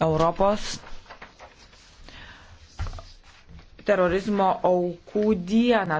Europos terorizmo aukų dieną.